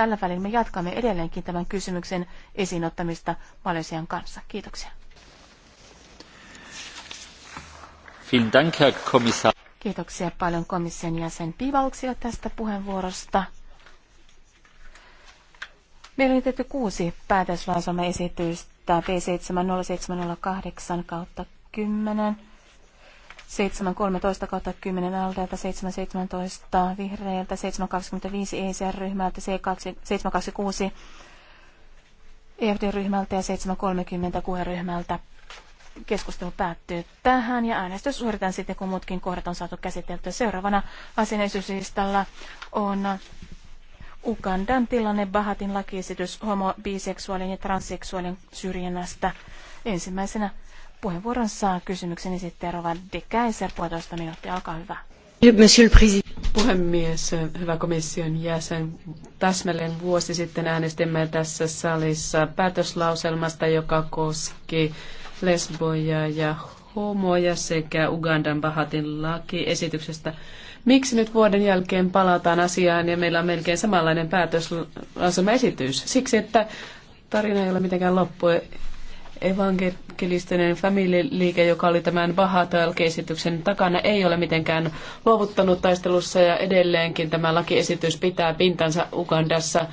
Tällä välin me jatkamme edelleenkin tämän kysymyksen esiinottamista Malesian kanssa. Kiitoksia. Kiitoksia paljon komission jäsen Pivauksia tästä puheenvuorosta. Meillä on tehty kuusi esitystä? P7078 kautta 10 713 kautta 10 alta, 717 vihreiltä, 725 ECR-ryhmältä, 726 EFD-ryhmältä ja 730 qr ryhmältä Keskustelu päättyy tähän ja äänestys suoritetaan sitten, kun muutkin kohdat on saatu käsiteltyä. Seuraavana asianesityslistalla on Ugandan tilanne Bahatin lakiesitys homo-, biseksuaalien ja transseksuaalien syrjinnästä. Ensimmäisenä Puheenvuoron saa kysymyksen esittäjä Rovan de Kaiser, puolitoista minuuttia, olkaa hyvä. Monsieur le Président. Puhemies, hyvä komission jäsen. Täsmälleen vuosi sitten äänestimme tässä salissa päätöslauselmasta, joka koski lesboja ja homoja sekä Ugandan Bahatin lakiesityksestä. Miksi nyt vuoden jälkeen palataan asiaan ja meillä on melkein samanlainen päätöslauselmaesitys? Siksi, että tarina ei ole mitenkään loppu evankelistinen famililiike, joka oli tämän Bahatalki-esityksen takana, ei ole mitenkään luovuttanut taistelussa ja edelleenkin tämä lakiesitys pitää pintansa Ugandassa.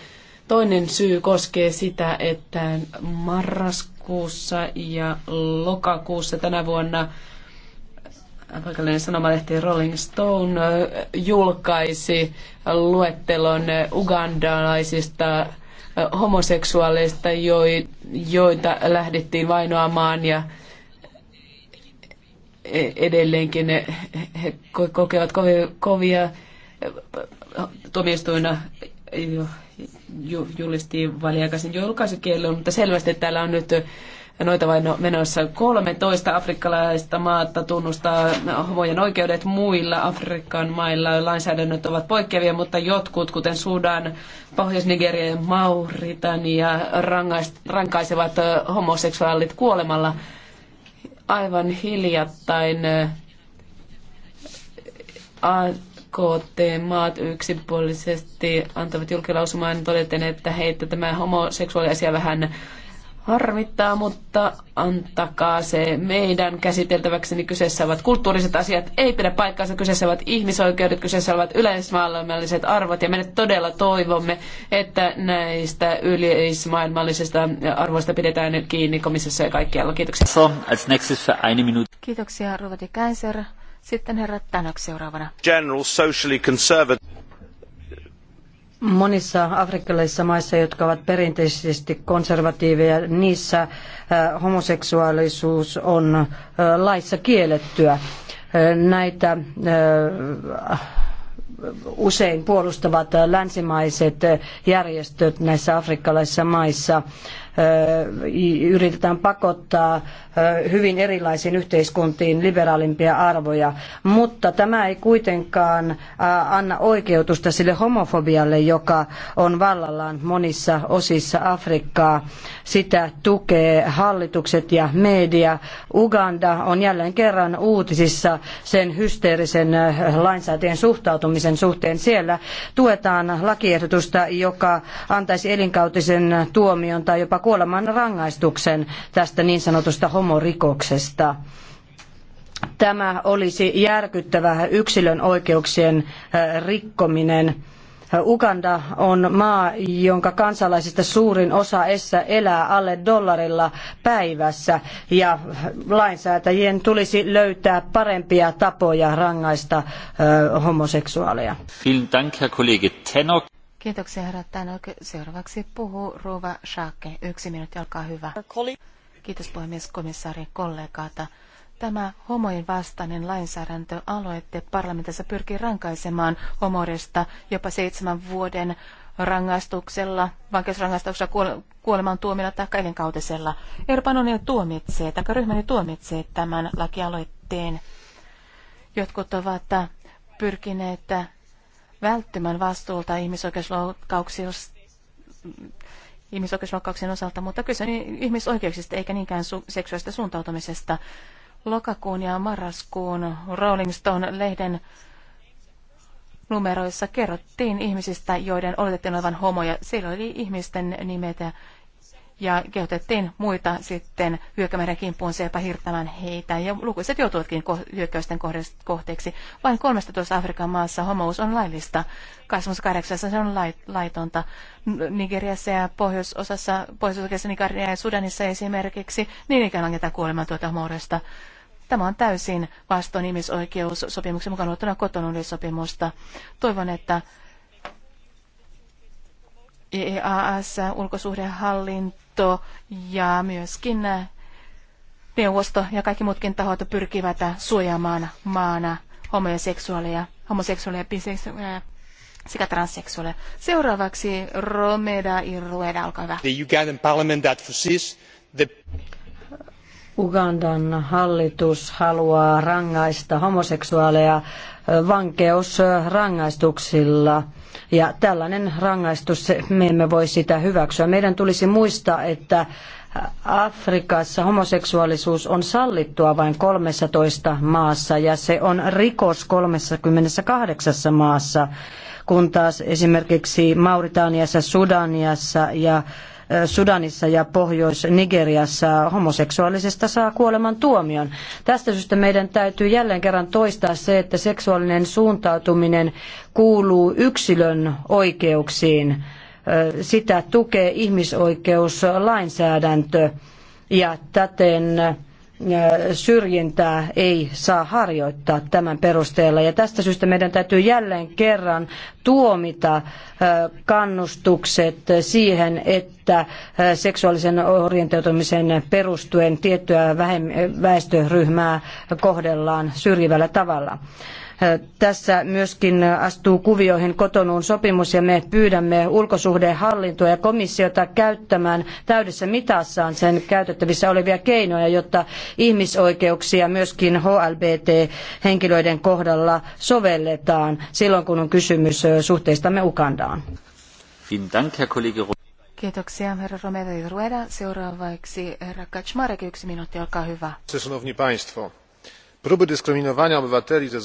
Toinen syy koskee sitä, että marraskuussa ja lokakuussa tänä vuonna paikallinen sanomalehti Rolling Stone julkaisi luettelon ugandalaisista homoseksuaaleista, joita lähdettiin vainoamaan ja e, edelleenkin he kokevat kovia tuomioistuina julistiin väliaikaisen julkaisukielon, mutta selvästi täällä on nyt ja noita vain menossa 13 afrikkalaista maata tunnustaa homojen oikeudet muilla Afrikan mailla. Lainsäädännöt ovat poikkeavia, mutta jotkut, kuten Sudan, Pohjois-Nigeria ja Mauritania, rankaisevat homoseksuaalit kuolemalla aivan hiljattain kt maat yksipuolisesti antavat julkilausumaan todeten, että heitä tämä homoseksuaaliasia vähän harmittaa, mutta antakaa se meidän käsiteltäväksi. Niin kyseessä ovat kulttuuriset asiat, ei pidä paikkaansa. Kyseessä ovat ihmisoikeudet, kyseessä ovat yleismaailmalliset arvot. Ja me todella toivomme, että näistä yleismaailmallisista arvoista pidetään nyt kiinni komissiossa ja kaikkialla. Kiitoksia. So, als nächstes Minute. Kiitoksia, Ruvati Kaiser. Sitten herra Tanok seuraavana. General socially conservative Monissa afrikkalaisissa maissa, jotka ovat perinteisesti konservatiiveja, niissä äh, homoseksuaalisuus on äh, laissa kiellettyä. Äh, näitä usein puolustavat länsimaiset järjestöt näissä afrikkalaisissa maissa yritetään pakottaa hyvin erilaisiin yhteiskuntiin liberaalimpia arvoja, mutta tämä ei kuitenkaan anna oikeutusta sille homofobialle, joka on vallallaan monissa osissa Afrikkaa. Sitä tukee hallitukset ja media. Uganda on jälleen kerran uutisissa sen hysteerisen lainsäätien suhtautumisen suhteen. Siellä tuetaan lakiehdotusta, joka antaisi elinkautisen tuomion tai jopa kuoleman rangaistuksen tästä niin sanotusta homorikoksesta. Tämä olisi järkyttävä yksilön oikeuksien äh, rikkominen. Uganda on maa, jonka kansalaisista suurin osa essä elää alle dollarilla päivässä ja lainsäätäjien tulisi löytää parempia tapoja rangaista äh, homoseksuaaleja. Kiitoksia herra Tänök. Seuraavaksi puhuu Ruva Shake. Yksi minuutti, olkaa hyvä. Kiitos puhemies komissaari kollegaata. Tämä homojen vastainen lainsäädäntöaloitte parlamentissa pyrkii rankaisemaan homorista jopa seitsemän vuoden rangaistuksella, vankeusrangaistuksella, kuoleman tuomilla tai elinkautisella. Euroopan unioni tuomitsee, tai ryhmäni tuomitsee tämän lakialoitteen. Jotkut ovat pyrkineet välttymään vastuulta ihmisoikeusloukkauksien osalta, mutta kyse on ihmisoikeuksista eikä niinkään su- seksuaalista suuntautumisesta. Lokakuun ja marraskuun Rolling Stone-lehden numeroissa kerrottiin ihmisistä, joiden oletettiin olevan homoja. Siellä oli ihmisten nimet ja kehotettiin muita sitten hyökkämeren kimppuun ja hirttämään heitä. Ja lukuiset joutuvatkin hyökkäysten kohteeksi. Vain 13 Afrikan maassa homous on laillista. 28 se on laitonta. Nigeriassa ja pohjoisosassa, pohjoisosassa Nigeria ja Sudanissa esimerkiksi, niin ikään langetaan kuolemaan tuota homoudesta. Tämä on täysin vastoin ihmisoikeussopimuksen mukaan luettuna kotonun Toivon, että EEAS, ulkosuhdehallinto ja myöskin neuvosto ja kaikki muutkin tahot pyrkivät suojaamaan maana homoseksuaaleja, homoseksuaaleja, biseksuaaleja sekä transseksuaaleja. Seuraavaksi Romeda Irueda, olkaa hyvä. The Ugandan parliament that foresees the... Ugandan hallitus haluaa rangaista homoseksuaaleja vankeusrangaistuksilla. Ja tällainen rangaistus, me emme voi sitä hyväksyä. Meidän tulisi muistaa, että Afrikassa homoseksuaalisuus on sallittua vain 13 maassa ja se on rikos 38 maassa, kun taas esimerkiksi Mauritaniassa, Sudaniassa ja Sudanissa ja Pohjois-Nigeriassa homoseksuaalisesta saa kuoleman tuomion. Tästä syystä meidän täytyy jälleen kerran toistaa se, että seksuaalinen suuntautuminen kuuluu yksilön oikeuksiin. Sitä tukee ihmisoikeuslainsäädäntö ja täten syrjintää ei saa harjoittaa tämän perusteella. Ja tästä syystä meidän täytyy jälleen kerran tuomita kannustukset siihen, että seksuaalisen orientoitumisen perustuen tiettyä väestöryhmää kohdellaan syrjivällä tavalla. Tässä myöskin astuu kuvioihin kotonuun sopimus ja me pyydämme ulkosuhdehallintoa ja komissiota käyttämään täydessä mitassaan sen käytettävissä olevia keinoja, jotta ihmisoikeuksia myöskin HLBT-henkilöiden kohdalla sovelletaan silloin, kun on kysymys suhteistamme ukandaan. Kiitoksia, herra Romero i Rueda. Seuraavaksi herra Kaczmarek, yksi minuutti, olkaa hyvä. Szanowni Państwo, próby dyskryminowania obywateli ze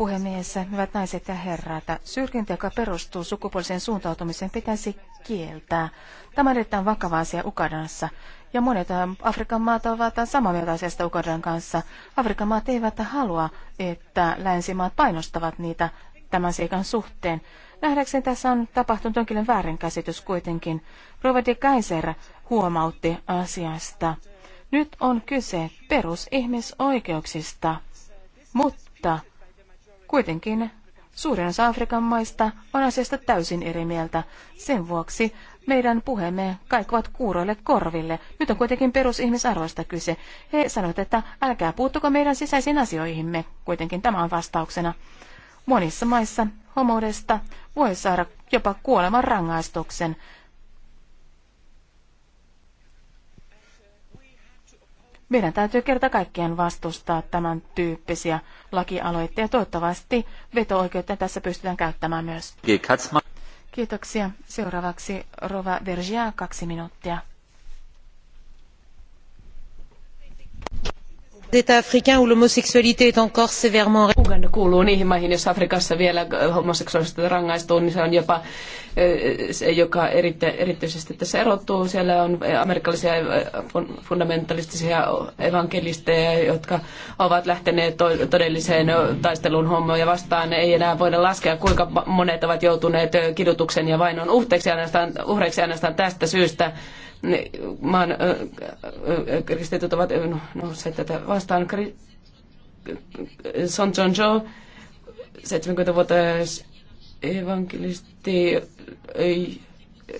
puhemies, hyvät naiset ja herrat, syrjintä, joka perustuu sukupuoliseen suuntautumiseen, pitäisi kieltää. Tämä on erittäin vakava asia Ukadassa, ja monet äh, Afrikan maat ovat samaa mieltä asiasta Ukadan kanssa. Afrikan maat eivät halua, että länsimaat painostavat niitä tämän seikan suhteen. Nähdäkseni tässä on tapahtunut jonkinlainen väärinkäsitys kuitenkin. Provedi de Kaiser huomautti asiasta. Nyt on kyse perusihmisoikeuksista, mutta Kuitenkin suurin osa Afrikan maista on asiasta täysin eri mieltä. Sen vuoksi meidän puheemme kaikuvat kuuroille korville. Nyt on kuitenkin perusihmisarvoista kyse. He sanovat, että älkää puuttuko meidän sisäisiin asioihimme. Kuitenkin tämä on vastauksena. Monissa maissa homoudesta voi saada jopa kuoleman rangaistuksen. Meidän täytyy kerta kaikkiaan vastustaa tämän tyyppisiä lakialoitteita. Toivottavasti veto-oikeutta tässä pystytään käyttämään myös. Kiitoksia. Seuraavaksi Rova Vergia, kaksi minuuttia. d'états africains où l'homosexualité est encore sévèrement Uganda kuuluu niihin maihin, joissa Afrikassa vielä äh, homoseksuaalista rangaistuu, niin se on jopa äh, se, joka erityisesti tässä erottuu. Siellä on äh, amerikkalaisia fundamentalistisia evankelisteja, jotka ovat lähteneet todelliseen taisteluun homoja vastaan. Ei enää voida laskea, kuinka monet ovat joutuneet kidutuksen ja vainon uhteeksi ainoastaan, uhreiksi ainoastaan tästä syystä ne, maan kristityt ovat nousseet tätä vastaan. Son John Joe, 70-vuotias evankelisti,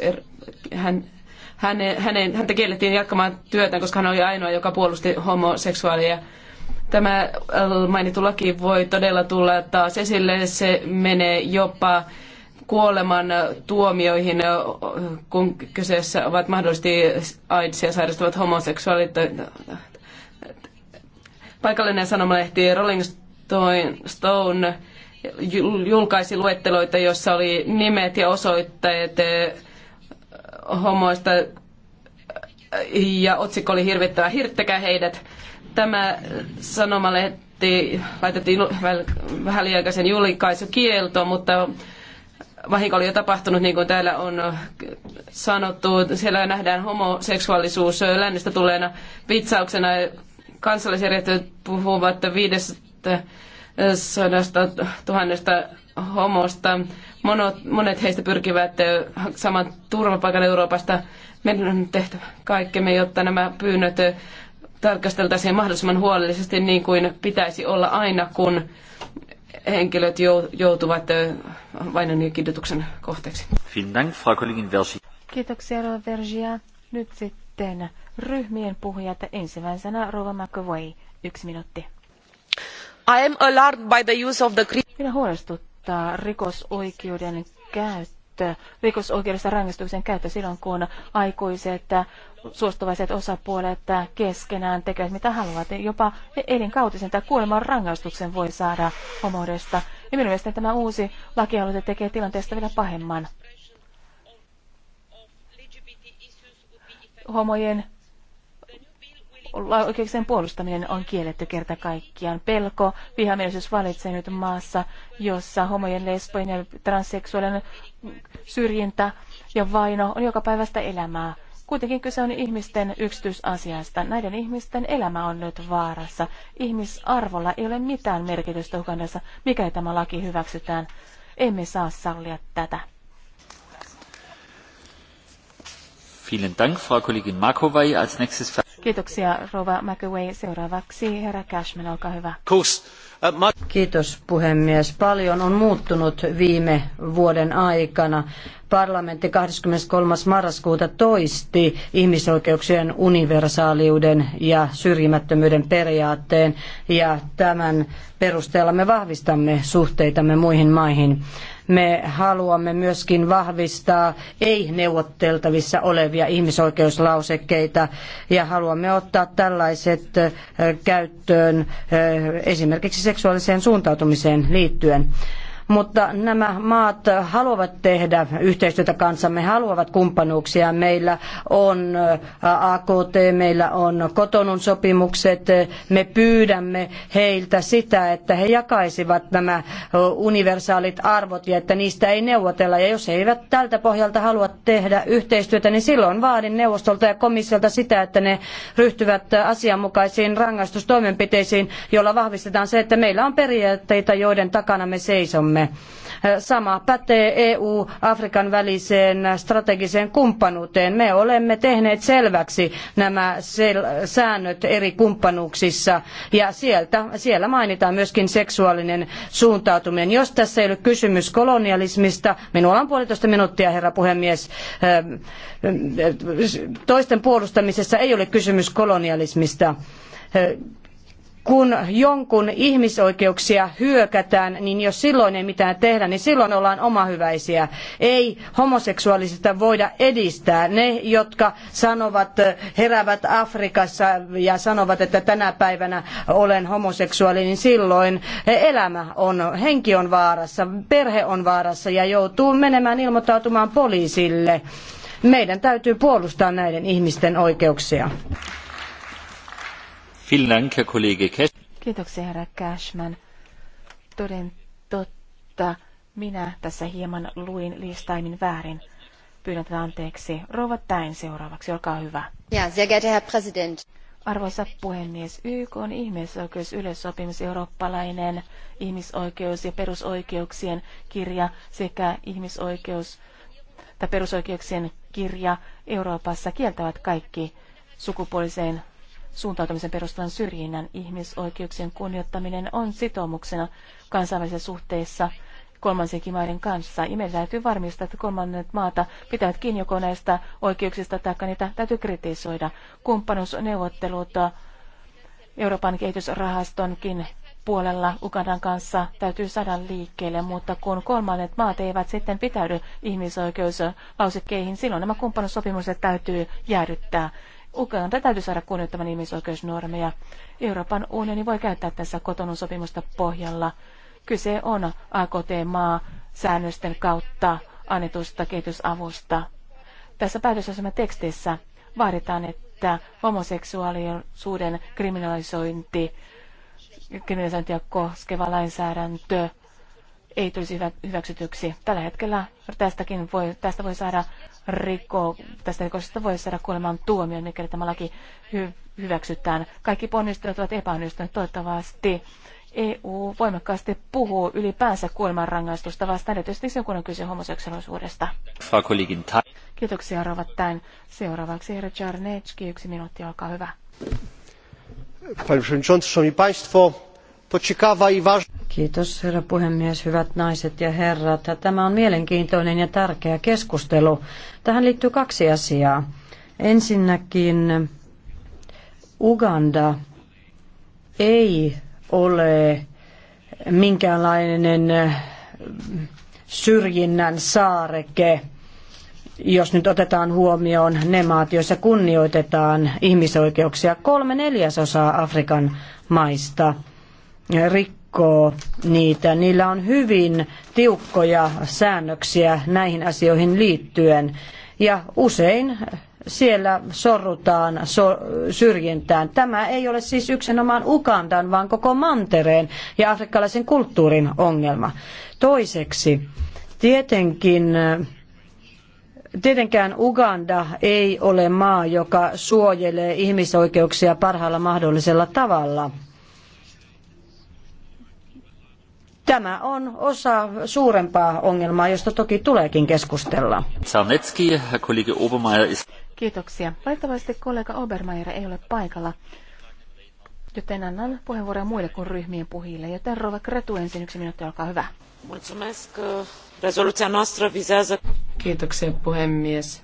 er, hän, häne, hänen, häntä kiellettiin jatkamaan työtään, koska hän oli ainoa, joka puolusti homoseksuaalia. Tämä mainittu laki voi todella tulla taas esille. Se menee jopa kuoleman tuomioihin, kun kyseessä ovat mahdollisesti AIDSia sairastavat homoseksuaalit. Paikallinen sanomalehti Rolling Stone julkaisi luetteloita, joissa oli nimet ja osoitteet eh, homoista eh, ja otsikko oli hirvittävä hirttäkää heidät. Tämä sanomalehti laitettiin vähän liiaikaisen julkaisukieltoon, mutta vahinko oli jo tapahtunut, niin kuin täällä on äh, sanottu. Siellä nähdään homoseksuaalisuus äh, lännestä tuleena vitsauksena. Kansallisjärjestöt puhuvat 500 äh, tuhannesta homosta. monet heistä pyrkivät saman turvapaikan Euroopasta. Meidän on tehtävä kaikkemme, jotta nämä pyynnöt tarkasteltaisiin mahdollisimman huolellisesti niin kuin pitäisi olla aina, kun henkilöt joutuvat vainon ja kidutuksen kohteeksi. Kiitoksia, Rova Vergia. Nyt sitten ryhmien puhujat. Ensimmäisenä Rova McAvoy. Yksi minuutti. I am alarmed by the use of the... Minä huolestuttaa rikosoikeuden käyttö Äh, rikosoikeudellisen rangaistuksen käyttö silloin, kun aikuiset äh, suostuvaiset osapuolet äh, keskenään tekevät mitä haluavat. Jopa elinkautisen tai kuoleman rangaistuksen voi saada homoudesta. Ja minun mielestäni tämä uusi lakialoite tekee tilanteesta vielä pahemman. Homojen oikeuksien puolustaminen on kielletty kerta kaikkiaan. Pelko, vihamielisyys valitsee nyt maassa, jossa homojen, lesbojen ja transseksuaalien syrjintä ja vaino on joka päivästä elämää. Kuitenkin kyse on ihmisten yksityisasiasta. Näiden ihmisten elämä on nyt vaarassa. Ihmisarvolla ei ole mitään merkitystä Ugandassa, mikäli tämä laki hyväksytään. Emme saa sallia tätä. Vielen Dank, Frau Kollegin Markovai. Als nächstes Kiitoksia Rova McAway. Seuraavaksi herra Cashman, olkaa hyvä. Uh, Kiitos puhemies. Paljon on muuttunut viime vuoden aikana. Parlamentti 23. marraskuuta toisti ihmisoikeuksien universaaliuden ja syrjimättömyyden periaatteen ja tämän perusteella me vahvistamme suhteitamme muihin maihin. Me haluamme myöskin vahvistaa ei neuvotteltavissa olevia ihmisoikeuslausekkeita ja haluamme haluamme ottaa tällaiset käyttöön esimerkiksi seksuaaliseen suuntautumiseen liittyen mutta nämä maat haluavat tehdä yhteistyötä kanssamme, haluavat kumppanuuksia. Meillä on äh, AKT, meillä on kotonun sopimukset, me pyydämme heiltä sitä, että he jakaisivat nämä äh, universaalit arvot ja että niistä ei neuvotella. Ja jos he eivät tältä pohjalta halua tehdä yhteistyötä, niin silloin vaadin neuvostolta ja komissiolta sitä, että ne ryhtyvät asianmukaisiin rangaistustoimenpiteisiin, joilla vahvistetaan se, että meillä on periaatteita, joiden takana me seisomme kanssamme. Sama pätee EU-Afrikan väliseen strategiseen kumppanuuteen. Me olemme tehneet selväksi nämä säännöt eri kumppanuuksissa ja sieltä, siellä mainitaan myöskin seksuaalinen suuntautuminen. Jos tässä ei ole kysymys kolonialismista, minulla on puolitoista minuuttia herra puhemies, öö, öö, toisten puolustamisessa ei ole kysymys kolonialismista öö, kun jonkun ihmisoikeuksia hyökätään, niin jos silloin ei mitään tehdä, niin silloin ollaan omahyväisiä. Ei homoseksuaalisuutta voida edistää. Ne, jotka sanovat, heräävät Afrikassa ja sanovat, että tänä päivänä olen homoseksuaali, niin silloin elämä on, henki on vaarassa, perhe on vaarassa ja joutuu menemään ilmoittautumaan poliisille. Meidän täytyy puolustaa näiden ihmisten oikeuksia. Kiitoksia, herra Cashman. Toden totta, minä tässä hieman luin listaimin väärin. Pyydän tätä anteeksi. Rouva Täin seuraavaksi, olkaa hyvä. Ja, sehr geehrter Herr Präsident. Arvoisa puhemies, YK on yleissopimus eurooppalainen ihmisoikeus- ja perusoikeuksien kirja sekä ihmisoikeus- tai perusoikeuksien kirja Euroopassa kieltävät kaikki sukupuoliseen suuntautumisen perustuvan syrjinnän ihmisoikeuksien kunnioittaminen on sitoumuksena kansainvälisissä suhteissa kolmansienkin maiden kanssa. Ja meidän täytyy varmistaa, että kolmannet maata pitävät kiinni joko näistä oikeuksista tai niitä täytyy kritisoida. Kumppanuusneuvottelut Euroopan kehitysrahastonkin puolella Ukandan kanssa täytyy saada liikkeelle, mutta kun kolmannet maat eivät sitten pitäydy ihmisoikeuslausekkeihin, silloin nämä kumppanuussopimukset täytyy jäädyttää. Uganda täytyy saada kunnioittavan ihmisoikeusnormeja. Euroopan unioni voi käyttää tässä kotonun sopimusta pohjalla. Kyse on AKT-maa säännösten kautta annetusta kehitysavusta. Tässä päätösasema tekstissä vaaditaan, että homoseksuaalisuuden kriminalisointi, kriminalisointia koskeva lainsäädäntö ei tulisi hyväksytyksi. Tällä hetkellä tästäkin voi, tästä voi saada riko, tästä rikoksesta voi saada kuoleman tuomion, mikäli tämä laki hy- hyväksytään. Kaikki ponnistelut ovat epäonnistuneet toivottavasti. EU voimakkaasti puhuu ylipäänsä kuolemanrangaistusta vastaan, erityisesti se kun on kyse homoseksuaalisuudesta. Kiitoksia Rova Tän. Seuraavaksi herra Czarnecki, yksi minuutti, olkaa hyvä. Panie Przewodniczący, Szanowni Państwo, To ciekawa i ważna. Kiitos herra puhemies, hyvät naiset ja herrat. Tämä on mielenkiintoinen ja tärkeä keskustelu. Tähän liittyy kaksi asiaa. Ensinnäkin Uganda ei ole minkäänlainen syrjinnän saareke, jos nyt otetaan huomioon ne maat, joissa kunnioitetaan ihmisoikeuksia kolme neljäsosaa Afrikan maista – rikkoo niitä. Niillä on hyvin tiukkoja säännöksiä näihin asioihin liittyen ja usein siellä sorrutaan so, syrjintään. Tämä ei ole siis yksinomaan Ugandan, vaan koko mantereen ja afrikkalaisen kulttuurin ongelma. Toiseksi, tietenkin Tietenkään Uganda ei ole maa, joka suojelee ihmisoikeuksia parhaalla mahdollisella tavalla – Tämä on osa suurempaa ongelmaa, josta toki tuleekin keskustella. Kiitoksia. Valitettavasti kollega Obermeier ei ole paikalla, joten annan puheenvuoroja muille kuin ryhmien puhille. Joten Rova Kretu ensin yksi minuutti, olkaa hyvä. Mulțumesc. Kiitoksia puhemies.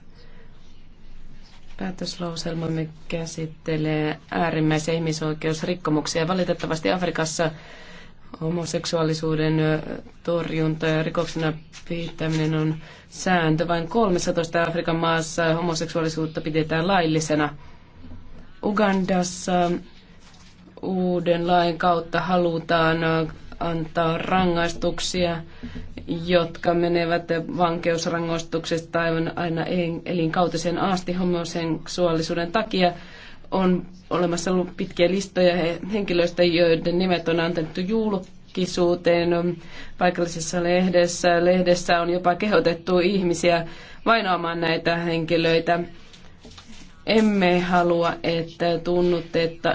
Päätöslauselmamme käsittelee äärimmäisiä ihmisoikeusrikkomuksia. Valitettavasti Afrikassa homoseksuaalisuuden torjunta ja rikoksena pitäminen on sääntö. Vain 13 Afrikan maassa homoseksuaalisuutta pidetään laillisena. Ugandassa uuden lain kautta halutaan antaa rangaistuksia, jotka menevät vankeusrangaistuksesta aivan aina elinkautiseen asti homoseksuaalisuuden takia on olemassa ollut pitkiä listoja henkilöistä, joiden nimet on antettu julkisuuteen. Um, paikallisessa lehdessä, lehdessä on jopa kehotettu ihmisiä vainoamaan näitä henkilöitä. Emme halua, että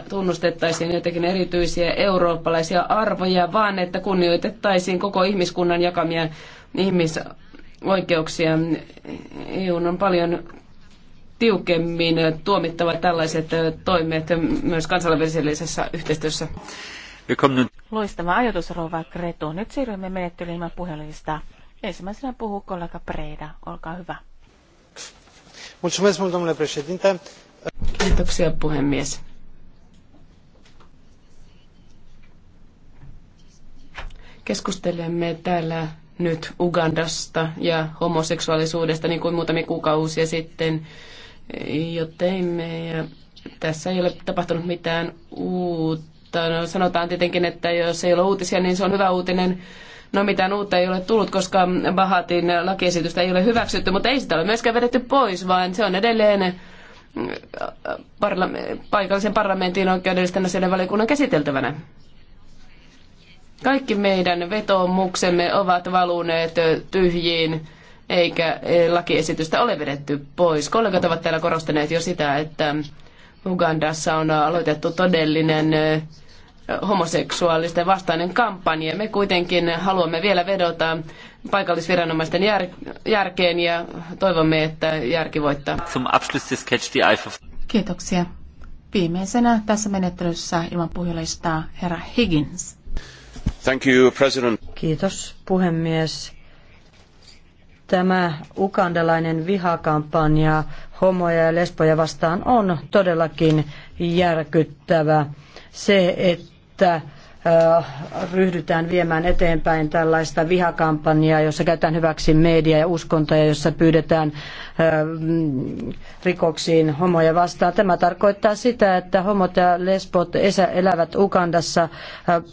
tunnustettaisiin jotenkin erityisiä eurooppalaisia arvoja, vaan että kunnioitettaisiin koko ihmiskunnan jakamia ihmisoikeuksia. EU e on paljon tiukemmin tuomittava tällaiset toimet myös kansainvälisessä yhteistyössä. Loistava ajatus, Rova Kretu. Nyt siirrymme menettelyyn puhelista. Ensimmäisenä puhuu kollega Preda. Olkaa hyvä. Kiitoksia, puhemies. Keskustelemme täällä nyt Ugandasta ja homoseksuaalisuudesta, niin kuin muutamia kuukausia sitten jo teimme. Ja tässä ei ole tapahtunut mitään uutta. No, sanotaan tietenkin, että jos ei ole uutisia, niin se on hyvä uutinen. No mitään uutta ei ole tullut, koska Bahatin lakiesitystä ei ole hyväksytty, mutta ei sitä ole myöskään vedetty pois, vaan se on edelleen äh, parla- paikallisen parlamentin oikeudellisten asioiden valiokunnan käsiteltävänä. Kaikki meidän vetomuksemme ovat valuneet tyhjiin eikä eh, lakiesitystä ole vedetty pois. Kollegat ovat täällä korostaneet jo sitä, että Ugandassa on aloitettu todellinen eh, homoseksuaalisten vastainen kampanja. Me kuitenkin haluamme vielä vedota paikallisviranomaisten jär, järkeen ja toivomme, että järki voittaa. Kiitoksia. Viimeisenä tässä menettelyssä ilman puhujalistaa herra Higgins. Thank you, President. Kiitos puhemies tämä ukandalainen vihakampanja homoja ja lesboja vastaan on todellakin järkyttävä. Se, että ryhdytään viemään eteenpäin tällaista vihakampanjaa, jossa käytetään hyväksi media ja uskontoja, jossa pyydetään mm, rikoksiin homoja vastaan. Tämä tarkoittaa sitä, että homot ja lesbot elävät Ugandassa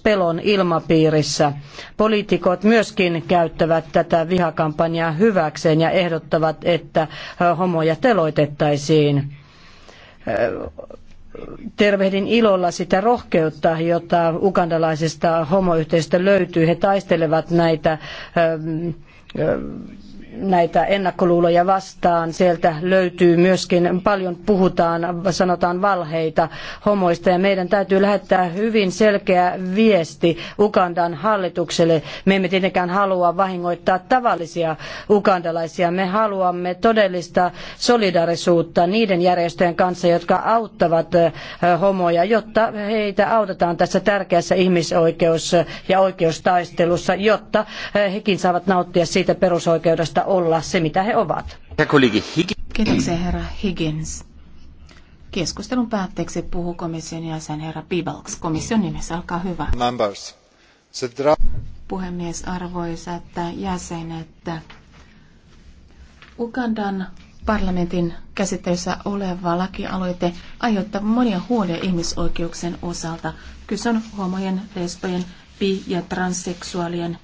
pelon ilmapiirissä. Poliitikot myöskin käyttävät tätä vihakampanjaa hyväkseen ja ehdottavat, että homoja teloitettaisiin tervehdin ilolla sitä rohkeutta, jota ugandalaisesta homoyhteisöstä löytyy. He taistelevat näitä ähm, äh, näitä ennakkoluuloja vastaan. Sieltä löytyy myöskin paljon puhutaan, sanotaan valheita homoista ja meidän täytyy lähettää hyvin selkeä viesti Ugandan hallitukselle. Me emme tietenkään halua vahingoittaa tavallisia ugandalaisia. Me haluamme todellista solidaarisuutta niiden järjestöjen kanssa, jotka auttavat eh, homoja, jotta heitä autetaan tässä tärkeässä ihmisoikeus- ja oikeustaistelussa, jotta eh, hekin saavat nauttia siitä perusoikeudesta olla se, mitä he ovat. Kiitoksia herra Higgins. Keskustelun päätteeksi puhuu komission jäsen herra Pibalks. Komission nimessä, alkaa hyvä. Members. Puhemies, arvoisat jäsenet. Ugandan parlamentin käsittelyssä oleva lakialoite aiheuttaa monia huolia ihmisoikeuksien osalta. Kyse on homojen, lesbojen, bi- ja transseksuaalien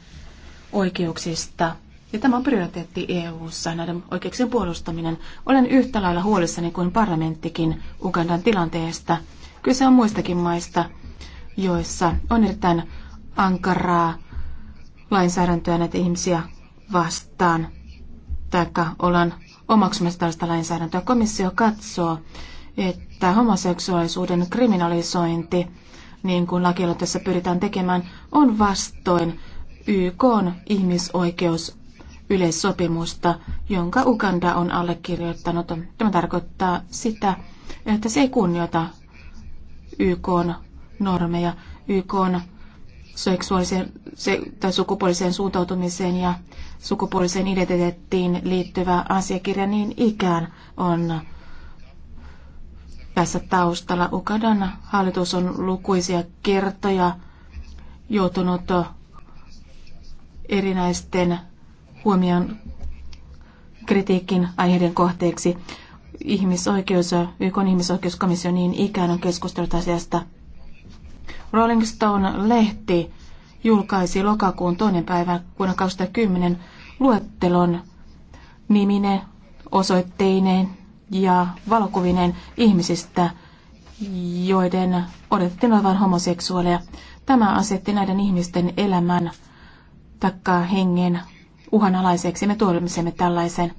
oikeuksista. Ja tämä on prioriteetti EU-ssa, näiden oikeuksien puolustaminen. Olen yhtä lailla huolissani kuin parlamenttikin Ugandan tilanteesta. Kyse on muistakin maista, joissa on erittäin ankaraa lainsäädäntöä näitä ihmisiä vastaan, taikka ollaan omaksumassa tällaista lainsäädäntöä. Komissio katsoo, että homoseksuaalisuuden kriminalisointi, niin kuin lakialoitteessa pyritään tekemään, on vastoin YK on ihmisoikeus yleissopimusta, jonka Uganda on allekirjoittanut. Tämä tarkoittaa sitä, että se ei kunnioita YK normeja, YK seksuaaliseen se, tai sukupuoliseen suuntautumiseen ja sukupuoliseen identiteettiin liittyvä asiakirja niin ikään on tässä taustalla. Ukadan hallitus on lukuisia kertoja joutunut erinäisten huomion kritiikin aiheiden kohteeksi. Ihmisoikeus ja YK ihmisoikeuskomissio niin ikään on keskustellut asiasta. Rolling Stone-lehti julkaisi lokakuun toinen päivä vuonna 2010 luettelon nimine, osoitteineen ja valokuvinen ihmisistä, joiden odotettiin olevan homoseksuaaleja. Tämä asetti näiden ihmisten elämän takkaa hengen uhanalaiseksi. Me tuomitsemme tällaisen.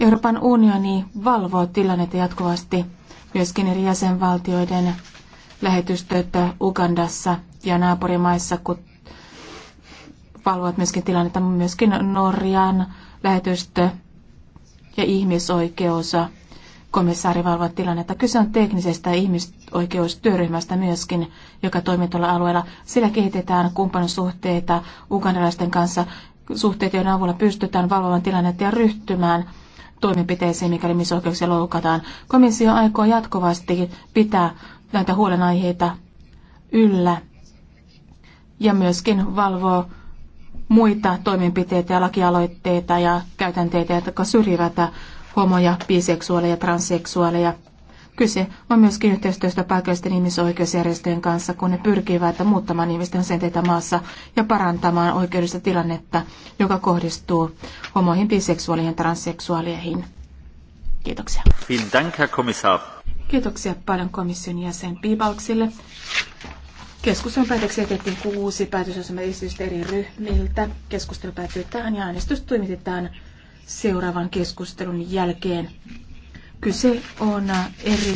Euroopan unioni valvoo tilannetta jatkuvasti myöskin eri jäsenvaltioiden lähetystöitä Ugandassa ja naapurimaissa, kun valvovat myöskin tilannetta myöskin Norjan lähetystö ja ihmisoikeus komissaari valvoo tilannetta. Kyse on teknisestä ihmisoikeustyöryhmästä myöskin, joka toimii tuolla alueella. Sillä kehitetään kumppanuussuhteita ugandalaisten kanssa suhteet, joiden avulla pystytään valvomaan tilannetta ja ryhtymään toimenpiteisiin, mikäli misoikeuksia loukataan. Komissio aikoo jatkuvasti pitää näitä huolenaiheita yllä ja myöskin valvoo muita toimenpiteitä ja lakialoitteita ja käytänteitä, jotka syrjivät homoja, biseksuaaleja, transseksuaaleja Kyse on myöskin yhteistyöstä paikallisten ihmisoikeusjärjestöjen kanssa, kun ne pyrkivät muuttamaan ihmisten asenteita maassa ja parantamaan oikeudellista tilannetta, joka kohdistuu homoihin, biseksuaaliin ja transseksuaaleihin. Kiitoksia. Dank, Herr Kiitoksia paljon komission jäsen Piibalksille. Keskustelun päätöksiä tehtiin kuusi esitystä eri ryhmiltä. Keskustelu päättyy tähän ja äänestys toimitetaan seuraavan keskustelun jälkeen. Kyse on eri